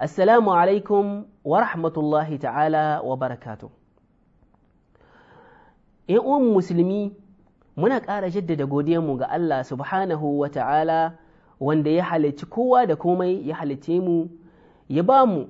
Assalamu alaikum wa rahmatullahi ta'ala wa barakatu. uwan musulmi muna ƙara jaddada godiyarmu ga Allah subhanahu wa ta'ala wanda ya halicci kowa da komai ya halicce mu, ya ba mu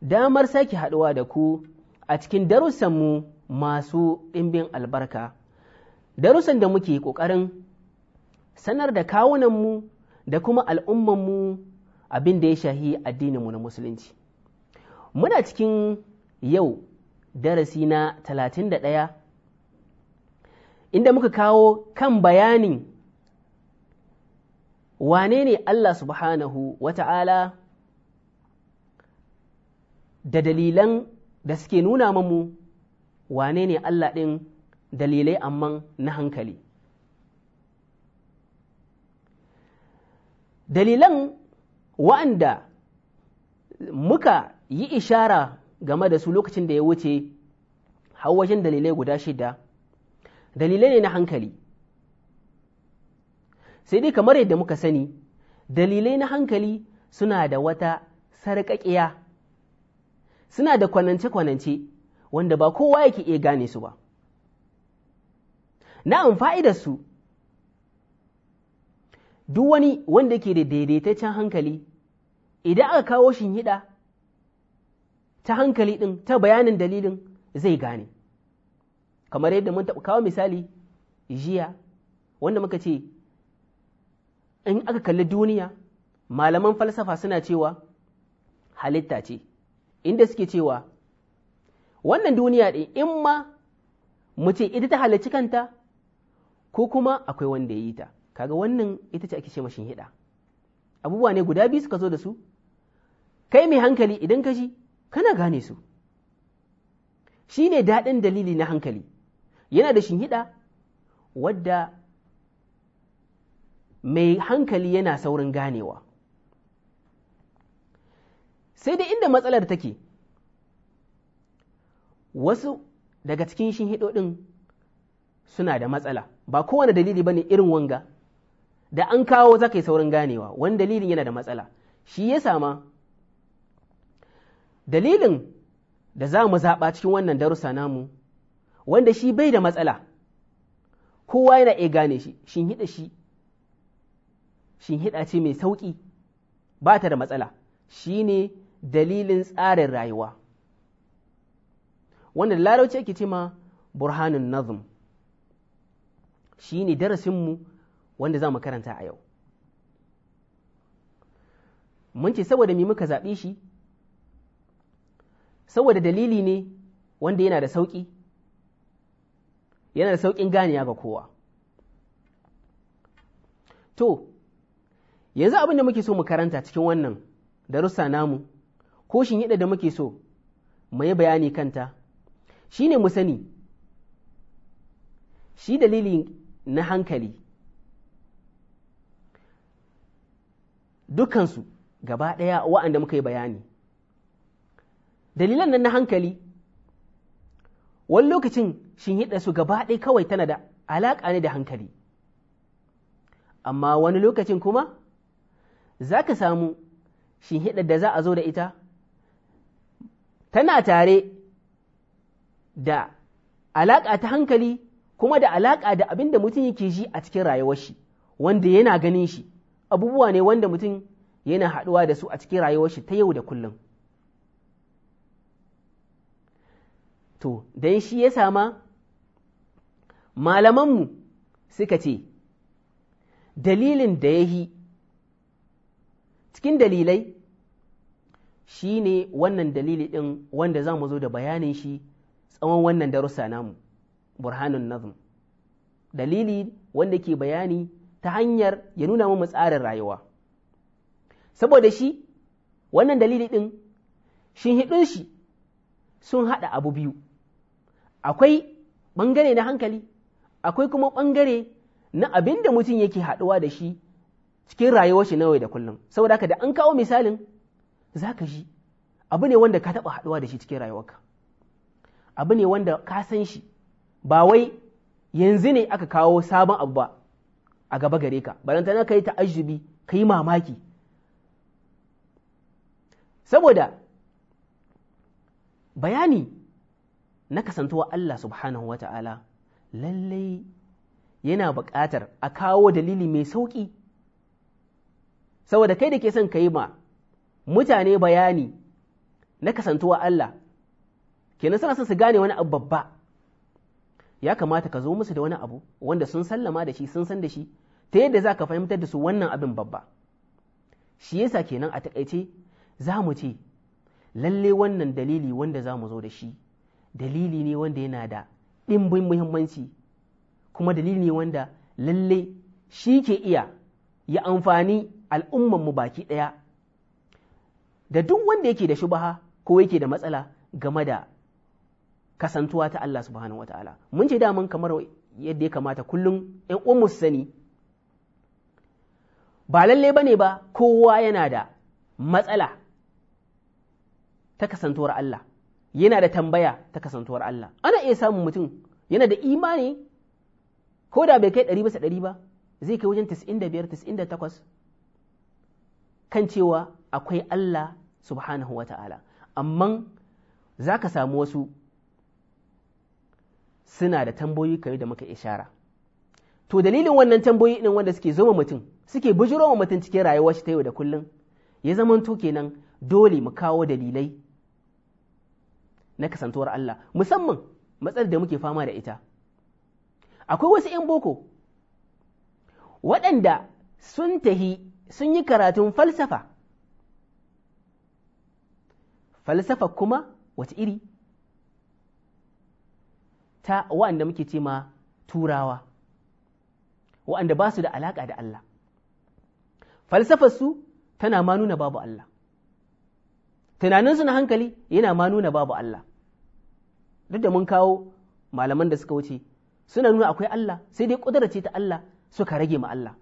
damar sake haɗuwa da ku a cikin darussanmu masu ɗimbin albarka. Darussan da muke ƙoƙarin sanar da kawunanmu da kuma al'ummanmu abin da ya shahi addininmu na musulunci muna cikin yau darasi na 31 inda muka kawo kan bayanin wane ne Allah subhanahu wata'ala da dalilan da suke nuna mamu wane ne Allah ɗin dalilai amma na hankali dalilan wa'anda muka yi ishara game da su lokacin da ya wuce hawajin dalilai guda shida dalilai ne na hankali sai dai kamar yadda muka sani dalilai na hankali suna da wata sarƙaƙiya suna da kwanance-kwanance wanda ba kowa yake iya gane su ba na'am fa'idarsu duk wani wanda ke da daidaitaccen hankali idan aka kawo shinhiɗa ta hankali ɗin ta bayanin dalilin zai gane kamar yadda mun taɓa kawo misali jiya wanda muka ce in aka kalli duniya malaman falsafa suna cewa halitta ce inda suke cewa wannan duniya ɗin in ma mu ce ita ta halarci kanta ko kuma akwai wanda ya yi ta kaga wannan ita ce ake ce mashin hida abubuwa ne guda biyu suka zo da su kai mai hankali idan ka ji kana gane su shi ne daɗin dalili na hankali yana da shinhiɗa wadda mai hankali yana saurin ganewa sai dai inda matsalar take wasu daga cikin shinhiɗoɗin suna da matsala ba kowane dalili ba ne irin wanga da an kawo za ka yi saurin ganewa wani dalilin yana da matsala shi ya sama dalilin da za mu zaɓa cikin wannan darussa namu wanda shi bai da matsala kowa yana iya gane shi shin hida shi shin hida ce mai sauƙi ba ta da matsala shi ne dalilin tsarin rayuwa wanda da larauci ake ce ma burhanin nazm shi ne darasinmu wanda za mu karanta a yau mun ce saboda mai muka zaɓi shi saboda dalili ne wanda yana da sauƙi yana da sauƙin ganiya ga kowa to yanzu abin da muke so mu karanta cikin wannan darussa namu ko shin yadda da muke so mu yi bayani kanta shi ne mu sani shi dalili na hankali dukansu gaba ɗaya wa'anda muka yi bayani dalilan nan na hankali wani lokacin yi su gaba ɗaya kawai tana da alaƙa ne da hankali amma wani lokacin kuma za ka samu shinhiɗar da za a zo da ita tana tare da alaƙa ta hankali kuma da alaƙa da abin da mutum yake ji a cikin rayuwar shi wanda yana ganin shi abubuwa ne wanda mutum yana haɗuwa da su a cikin rayuwar shi ta yau da kullum to don shi ya sama malamanmu suka ce dalilin da ya yi cikin dalilai shi ne wannan dalili ɗin wanda za mu zo da bayanin shi tsawon wannan darussa namu burhanun nazm dalili wanda ke bayani ta hanyar ya nuna mu tsarin rayuwa saboda shi wannan dalili ɗin shin hidun shi sun haɗa abu biyu akwai ɓangare na hankali akwai kuma ɓangare na abin da mutum yake haɗuwa da shi cikin rayuwar shi na da kullum saboda haka da an kawo misalin za ka ji abu ne wanda ka taɓa haɗuwa da shi cikin rayuwarka abu ne wanda ka san shi ba wai yanzu ne aka kawo sabon abu ba a gaba gare ka bananta na kai ta'ajjubi ka yi mamaki saboda bayani na kasantuwa Allah subhanahu wa ta'ala lallai yana buƙatar a kawo dalili mai sauƙi saboda kai da ke son ka yi ma mutane bayani na kasantuwa Allah Ke suna son su gane wani abu babba ya kamata ka zo musu da wani abu wanda sun sallama da shi sun san da shi ta yadda za ka fahimtar da su wannan abin babba shi yasa kenan a taƙaice za mu ce lalle wannan dalili wanda za mu zo da shi dalili ne wanda yana da ɗimbin muhimmanci kuma dalili ne wanda lalle shi ke iya ya amfani mu baki ɗaya da duk wanda yake da shubaha ko yake da matsala game da kasantuwa ta Allah subhanahu wa mun ce daman kamar yadda ya kamata kullum ‘yan uwanmu su sani ba lalle ba ne ba kowa yana da matsala ta kasantuwar Allah yana da tambaya ta kasantuwar Allah ana iya samun mutum yana da imani ko da bai kai ɗari bisa ɗari ba zai kai wajen biyar, da takwas. kan cewa akwai Allah subhanahu wa ta'ala amma za ka samu wasu suna da tambayoyi kai da muka ishara to dalilin wannan tambayoyi ɗin wanda suke zoma mutum suke bujiro wa mutum cikin rayuwar shi ta yau da kullum ya zamanto kenan dole mu kawo dalilai na kasantuwar Allah musamman matsalar da muke fama da ita akwai wasu 'yan boko waɗanda sun tahi sun yi karatun falsafa falsafa kuma wata iri ta wa'anda muke ce ma turawa wa'anda ba su da alaƙa da Allah falsafarsu tana ma nuna babu Allah tunaninsu na hankali yana ma nuna babu Allah duk da mun kawo malaman da suka wuce suna nuna akwai Allah sai dai kudura ce ta Allah suka rage ma Allah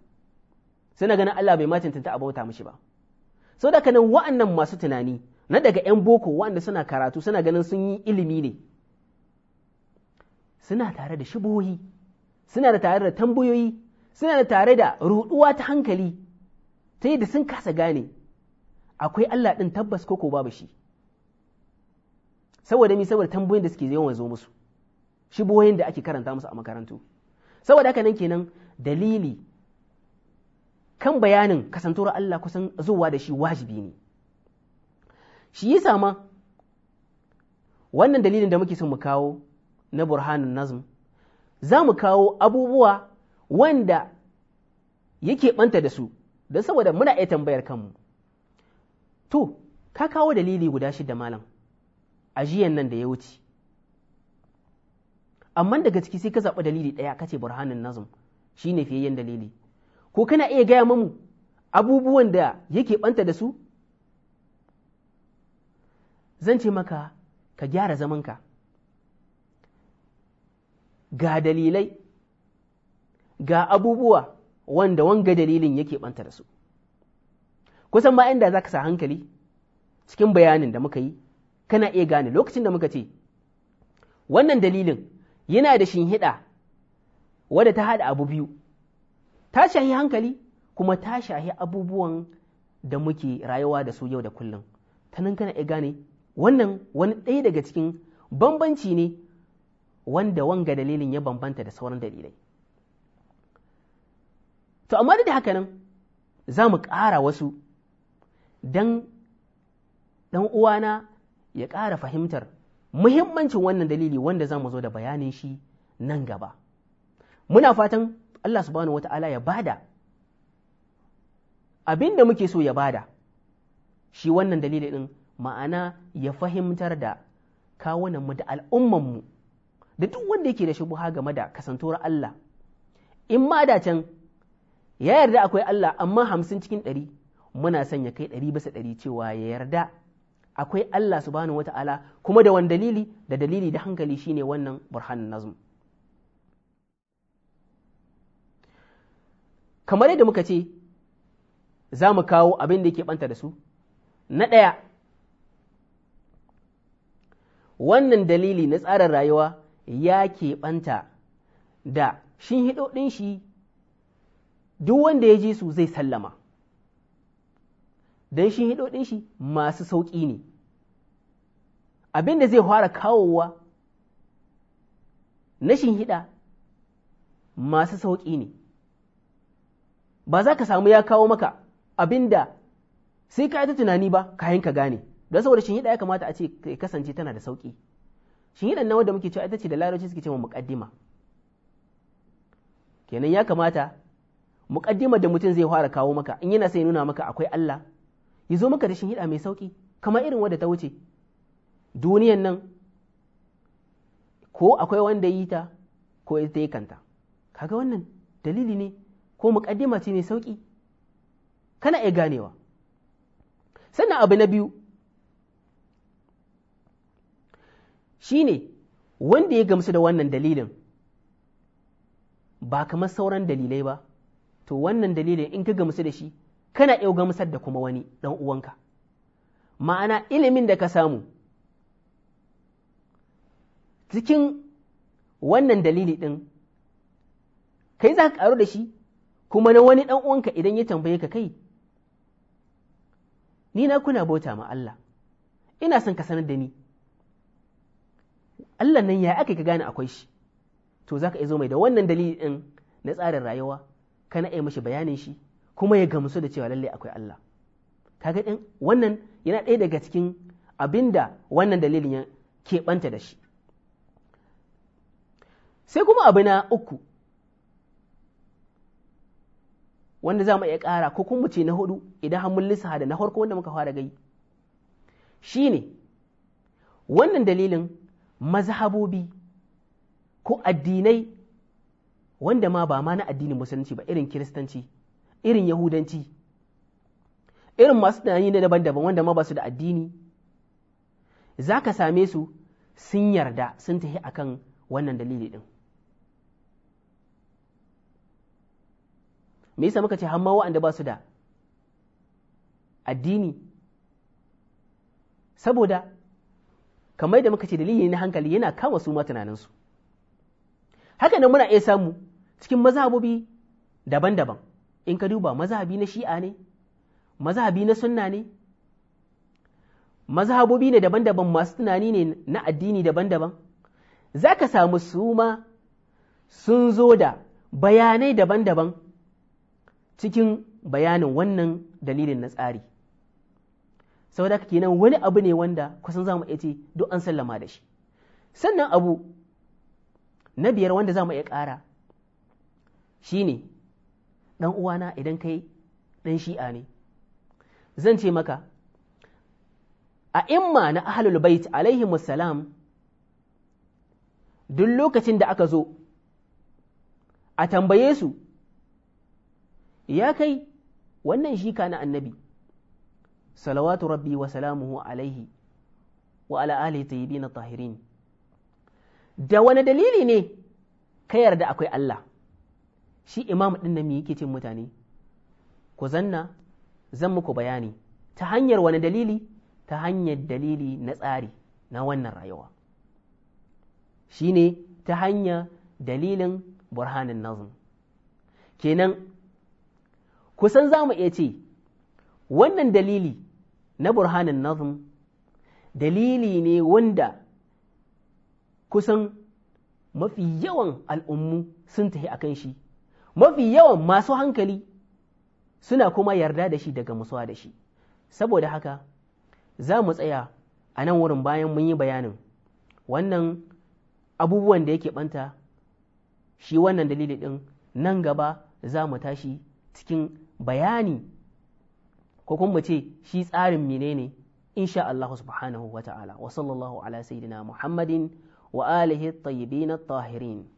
suna ganin Allah bai ma ta a bauta mishi ba sau da kanan wa'annan masu tunani na daga 'yan boko wa'anda suna karatu suna ganin sun yi ilimi ne suna tare da shibohi suna da tare da tambayoyi suna da tare da ruɗuwa ta hankali ta yadda sun kasa gane akwai Allah ɗin tabbas ko ko babu shi saboda mi saboda tambayoyin da suke yawan zo musu shibohin da ake karanta musu a makarantu saboda haka nan kenan dalili kan bayanin kasantuwar Allah kusan zuwa da shi wajibi ne shi yi sama wannan dalilin da muke son mu kawo na burhanun nazm za mu kawo abubuwa wanda yake ɓanta da su don saboda muna iya tambayar kanmu to ka kawo dalili guda shida malam Ajiyan nan da ya wuce amma daga ciki sai ka zaɓi dalili ɗaya kace burhanin nazm shine yan dalili ko kana iya gaya mamu abubuwan da yake ɓanta da su zan ce maka ka gyara zamanka ga dalilai ga abubuwa wanda wanga dalilin yake ɓanta da su kusan ma inda za ka sa hankali cikin bayanin da muka yi kana iya gane lokacin da muka ce wannan dalilin yana da shinhiɗa wadda ta haɗa abu biyu ta shahi hankali kuma ta shahi abubuwan da muke rayuwa da su yau da kullum ta nan kana iya gane wannan wani ɗaya daga cikin bambanci ne wanda wanga dalilin ya bambanta da sauran dalilai to amma da haka nan za mu ƙara wasu don ɗan uwana ya ƙara fahimtar muhimmancin wannan dalili wanda za mu zo da bayanin shi nan gaba muna fatan Allah subhanahu ta’ala ya bada abin da muke so ya bada shi wannan dalili ɗin ma'ana ya fahimtar da kawunanmu da al'ummanmu da duk wanda yake da shubuha game da kasantuwar Allah in ma da can ya yarda akwai Allah amma hamsin cikin ɗari muna son ya kai ɗari bisa ɗari cewa ya yarda akwai Allah subhanahu ta’ala kuma da wani dalili da dalili da hankali shine wannan burhan nazm kamar yadda muka ce za mu kawo abin da yake banta da su na ɗaya wannan dalili na tsarin rayuwa ya ke keɓanta da shin hidodin shi duk wanda ya ji su zai sallama don shi hidodin shi masu sauƙi ne abin da zai fara kawowa na shinhiɗa masu sauƙi ne ba za ka samu ya kawo maka abin da sai ka ta tunani ba kayan ka gane don saboda shin hida ya kamata a ce ka kasance tana da sauƙi hidan na wanda muke cewa ita ce da larabci suke cewa muƙaddima kenan ya kamata muƙaddima da mutum zai fara kawo maka in yana sai nuna maka akwai Allah ya zo maka da shin hiɗa mai sauƙi kamar irin wadda ta wuce duniyan nan ko akwai wanda yi ta ko ita yi kanta kaga wannan dalili ne ko muƙaddima ce mai sauƙi kana iya ganewa sannan abu na biyu shine wanda ya gamsu da wannan dalilin ba kamar sauran dalilai ba to wannan dalilin in ka gamsu da shi kana iya gamsar da kuma wani ɗan uwanka ma'ana ilimin da ka samu cikin wannan dalili ɗin kai za ka ƙaru da shi kuma na wani ɗan'uwanka uwanka idan ya tambaye ka kai ni na kuna bauta ma Allah ina son ka sanar da ni Allah nan ya aka ka gane akwai shi to za ka zo mai da wannan dalili ɗin na tsarin rayuwa ka iya mashi bayanin shi kuma ya gamsu da cewa lallai akwai Allah kaga ɗin wannan yana ɗaya daga cikin abin da wannan dalilin ya keɓanta da shi sai kuma abu na uku wanda za mu iya kara, ko kuma ce na hudu idan har mun da na farko wanda muka fara gai Shi ne, wannan dalilin mazhabobi ko addinai wanda ma ba ma na addinin musulunci ba irin kiristanci irin yahudanci irin masu tunani na daban-daban wanda ma ba su da addini za ka same su sun yarda sun tafi akan wannan dalili din. me yasa muka ce hamma wa'anda ba su da addini saboda kamar da muka ce dalili na hankali yana kama su ma tunaninsu haka nan muna iya samu cikin mazhabobi daban-daban in ka duba mazhabi na shi'a ne mazhabi na sunna ne mazhabobi ne daban-daban masu tunani ne na addini daban-daban za ka samu su ma sun zo da bayanai daban-daban cikin bayanin wannan dalilin na tsari saboda haka kenan wani abu ne wanda kusan za mu iya ce duk an sallama da shi sannan abu na biyar wanda za mu iya ƙara shine ɗan uwana idan kai ɗan shi'a ne zan ce maka a imma na ahlul bait alaihi musalam duk lokacin da aka zo a tambaye su ya kai wannan shi ka na annabi salawatu rabbi wa salamuhu alaihi wa ala alihi tayyibin tahirin da wani dalili ne ka yarda akwai Allah shi imam ɗin nan yake cin mutane ku zanna zan muku bayani ta hanyar wani dalili ta hanyar dalili na tsari na wannan rayuwa shine ta hanyar dalilin burhanin nazm kenan kusan za mu iya ce wannan dalili na burhanin nazm dalili ne wanda kusan mafi yawan al'ummu sun tafi a kan shi mafi yawan masu hankali suna kuma yarda da shi daga musuwa da shi saboda haka za mu tsaya a nan wurin bayan mun yi bayanin wannan abubuwan da yake ɓanta shi wannan dalili ɗin nan gaba za mu tashi cikin bayani ko kuma ce shi tsarin menene insha Allah subhanahu wa ta'ala wa sallallahu ala sayyidina Muhammadin wa alihi at-tayyibin at-tahirin